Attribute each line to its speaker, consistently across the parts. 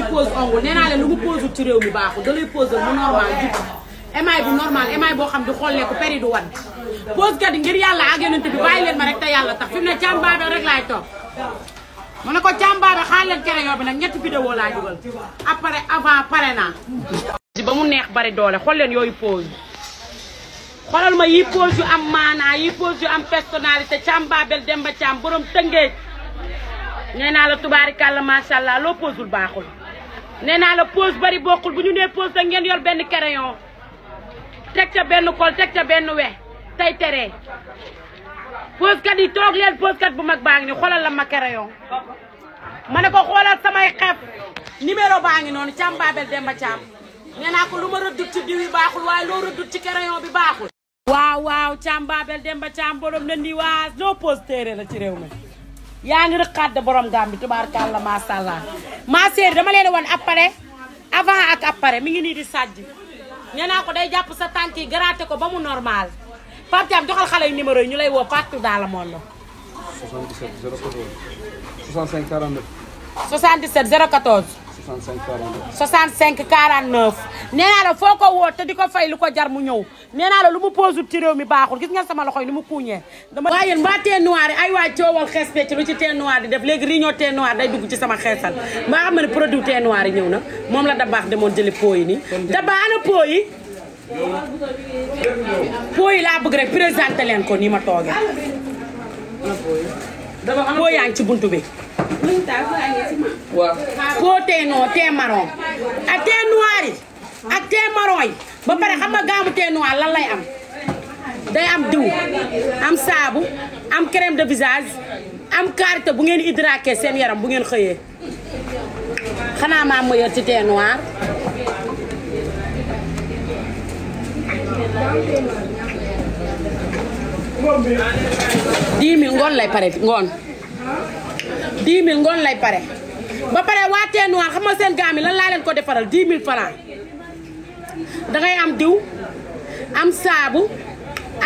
Speaker 1: lay pose ongul nee leen lu mu pose ci réew mi baaxul da lay pose mu normal jub émail bu normal émail boo xam di xollee ko péri du wan pose ngir yàlla ak yonent bi bàyyi leen ma rek te yàlla tax fi mu ne càmbaaba rek laay toog mu ko càmbaaba xaar leen kere yoo bi nag ñetti vidéo laa dugal après avant pare ba mu neex bari doole xool yooyu pose xoolal ma yi pose yu am maanaa yi pose yu am personnalité càmbaabel Demba Caam borom tëngéej nee naa la tubaari kàlla macha allah loo posul baaxul nee naa la pause bari bokkul bu ñu nee pause da ngeen yor benn crayon teg ca benn kol teg ca benn we tey teree pause kat yi toog leen pause kat bu mag baa ngi ni xoolal la ma crayon ma ne ko xoolal samay xef numéro baa ngi noonu Thiam Babel Demba Thiam nee naa ko lu ma rëddut ci diw yi baaxul waaye loo rëddut ci crayon bi baaxul waaw waaw Thiam Babel Demba Thiam borom na ndiwaas noo pause téere la ci réew mi yaa ngi rëqaat de borom gàmm bi tubaarkàlla macha allah ma sœur dama leen woon après avant ak après mi ngi nii di sàjj nee naa ko day jàpp sa tànk yi garaate ko ba mu normal Pape am doxal xale yu numéro yi ñu lay woo partout dans le monde. 77 014 65 49. 65 49. 65 49 nee la foo ko woo te di ko fay lu ko jar mu ñëw nee naa la lu mu posé ci réew mi baaxul gis nga sama loxo yi lu mu kuuñee. dama waaye yéen mbaa noir ay waay coowal xees ci lu ci tee noir di def léegi réunion tee noir day dugg ci sama xeesal mbaa xam ne produit tee noir yi ñëw na moom la da baax demoon jëli po yi nii. da baax ana po yi. po yi laa bëgg rek présenté leen ko nii ma toogee. po yaa ngi ci bunt bi. waaw koo tee non tee marron ak noir yi ak tee marron yi ba pare xam nga gaamu tee noir lan lay am day am diw am saabu am crème de visage am karité bu ngeen hydraté seen yaram bu ngeen xëyee xanaa maa ma ci tee noir dix ngoon lay pare ngoon 10 000 ngoon lay pare ba pare waa tee noir xam nga seen gaam yi lan laa leen ko defaral 10 000 francs dangay am diw am saabu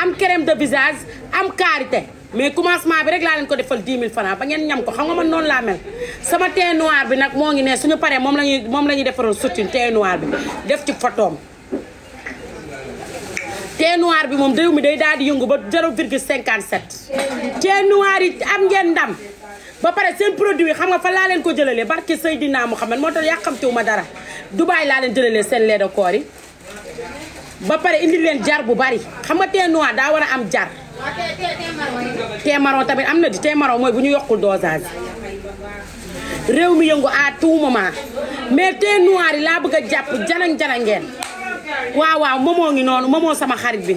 Speaker 1: am crème de visage am karité mais commencement bi rek laa leen ko defal 10 000 francs ba ngeen ñam ko xam nga man noon laa mel sama tee noir bi nag moo ngi ne suñu paree moom la moom la ñuy defaral soutien tee noir bi def ci photoom thé noir bi moom réew mi day daal di yëngu ba 0,57 thé noir yi am ngeen ndam ba pare seen produit xam nga fa laa leen ko jëlalee barke Seydina Mouhamed moo tax yàqamtewu ma dara Dubaay laa leen jëlalee seen lait de corps yi ba pare indi leen jar bu bari xam nga thé noir daa war a am jar thé marron tamit am na di te marron mooy bu ñu yokkul dosage réew mi yëngu à tout moment mais thé noir yi laa bëgg a jàpp janang janang ngeen waaw waaw moomoo ngi noonu moomoo sama xarit bi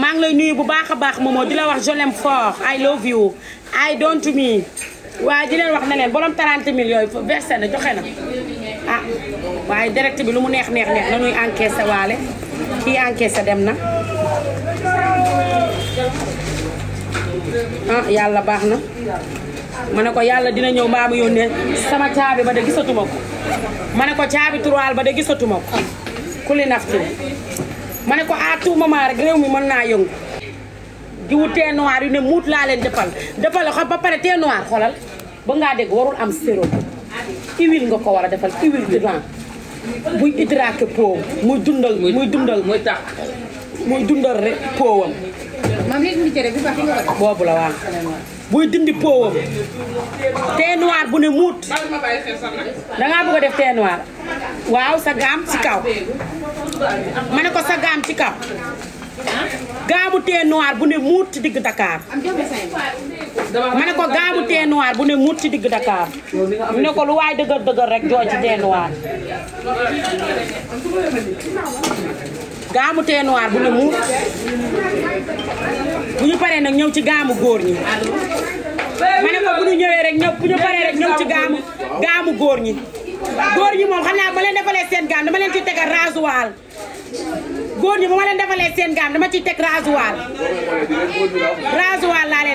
Speaker 1: maa ngi lay nuyu bu baax a baax moomoo di la wax je l'aime fort I love you I don't me waaye di leen wax na leen borom 30 000 yooyu versé na joxe na ah waaye direct bi lu mu neex neex neex na nuy encaissé waale kii encaissé dem na ah yàlla baax na ma ne ko yàlla dina ñëw mbaa yónnee sama caabi ba de gisatuma ko ma ne ko caabi turuwaal ba de gisatuma ko kuli naftin ma ne ko à ah, tout rek réew mi mën naa yëngu jiwu thé noir yu ne muut laa leen defal defal xol ba pare thé noir ba ngaa dégg warul am sérum huile nga ko war a defal huile duran buy hydraté poow muy dundal muy dundal muy tax muy dundal rek poowam boobu la waaw buy dindi poowam thé noir bu ne muut dangaa bëgg a def thé waaw sa gaam ci kaw ma ne ko sa gaam ci kaw gaamu tee noir bu ne muut ci digg Dakar ma ne ko gaamu tee bu ne muut ci digg Dakar mu ne ko lu waay dëgër dëgër rek jooy ci tee noir gaamu tee noir bu ne muut bu ñu paree nag ñëw ci gaamu góor ñi ma ko bu ñu ñëwee rek ñëw bu ñu paree rek ñëw ci gaamu gaamu góor ñi góor ñi moom xam naa ma leen defalee seen gaam dama leen ciy teg rasoir góor ñi bu ma leen defalee seen gaam dama ciy teg rasoir rasoir laa leen